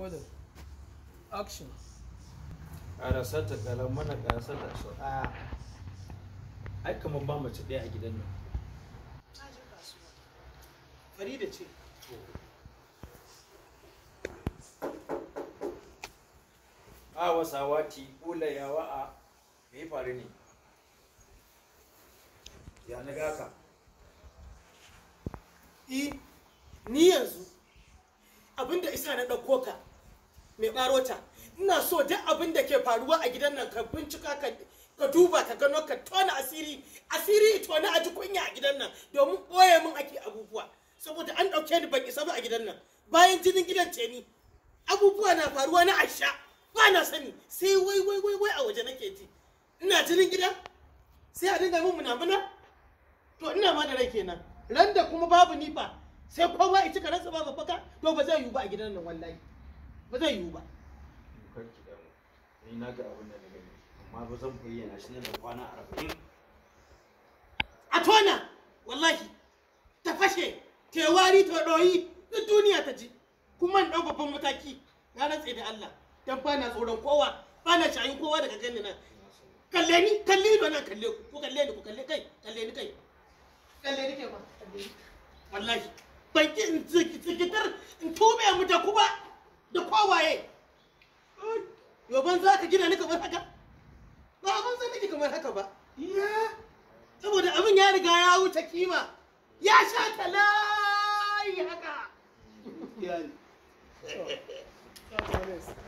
recording. Action. Ƙarasar ta galan mana ƙarasar ta so ɗaya. Ai kamar ba mace daya a gidan nan. je kasuwa. Farida ce. A wasawati ƙula yawa a me faru ne? Ya na gaka. I, ni yanzu abinda isa na ɗauko ka mai barota ina so duk abin da ke faruwa a gidan nan ka bincika ka ka duba ka gano ka tona asiri asiri tona a ji kunya a gidan nan domin ɓoye min ake abubuwa saboda an ɗauke ni ban isa ba a gidan nan bayan jinin gidan ce ni abubuwa na faruwa na aisha ba na sani sai wai wai wai wai a waje nake ji ina jinin gida sai a dinga min munamuna to ina ma da rai kenan Randa kuma babu nifa, sai kowa ya cika ransa babu faka to ba zai yiwu ba a gidan nan wallahi ba zai yiwu ba a tona wallahi ta fashe tewari ta doyi duk duniya ta ji kuma in babban mataki ya rantse da Allah don bana tsoron kowa bana shayin kowa daga ganin nan kalle ni kalle ni wannan kalle ku kalle ni ku kalle kai kalle ni kai kalle ni kai ba wallahi ban ki in zikitar in tube mu da ku ba yoban za ka gina ni kamar haka ba abin zan nake kamar haka ba saboda abin ya riga ya wuce kima ya sha ta layi haka